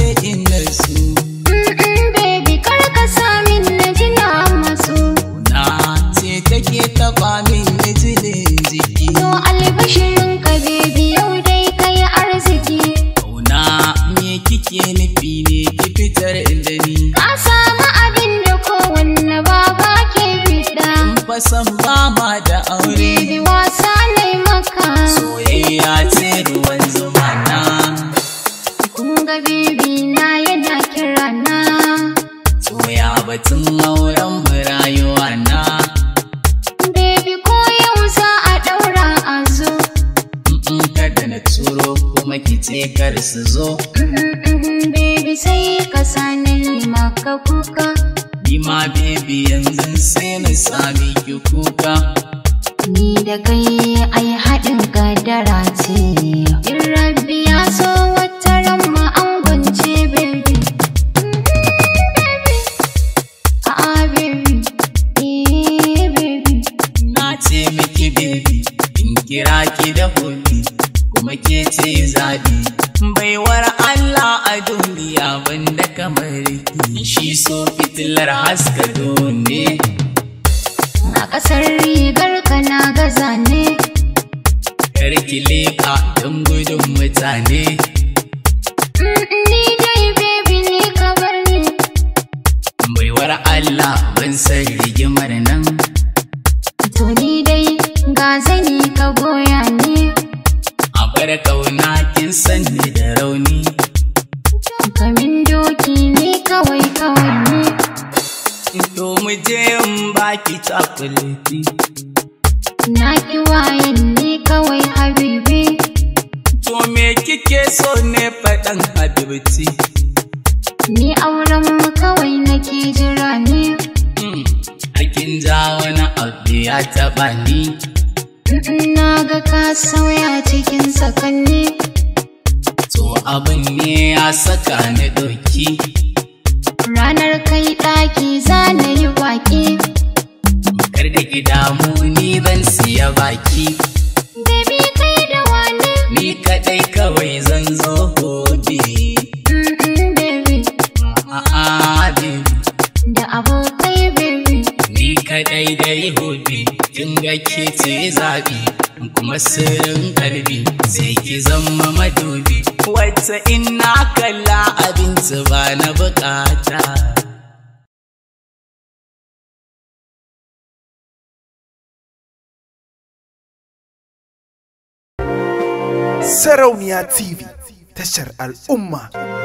ne illarsu baby kar ka samin na jina masu na ce take taɓa min na jine jiki yo albashirin ka baby yau dai kayi arziki kauna me kike nufi ne ki fitar da ni ka samu abin da kowanne baba ke bida auren rayuwa na baby ko yau za a ɗaura a zo in kada na turo kuma ki kar su zo mm, baby sai ka sani maka kuka ni ma baby yanzu sai na sami ki kuka ni da kai ai haɗin kadara ce in rabbi ya so miki baby in kira ki da hobi kuma ke ce zaɓi baiwar Allah a duniya banda kamar ki shi so fitilar haska dole a ƙasar rigar ka na gaza ne karki leka don gudun mutane ni baiwar Allah ban san rigimar nan ka sani ka goya ni a bar kauna kin sani da rauni kamin doki ne kawai kawai ni to mu je in baki chocolate na ki wayan ni kawai habibi to me kike so ne faɗan habibti ni auren mu kawai nake jira ne hmm, Akin ja wani abu ya taɓa ni na ga ka sauya cikin sakanni to abin ne ya saka ni ɗauki yi hobi kin ga ke ce zabi kuma sirrin kalbi sai ki zama madubi wata ina kalla abinci ba na bukata Sarauniya TV, tashar al'umma.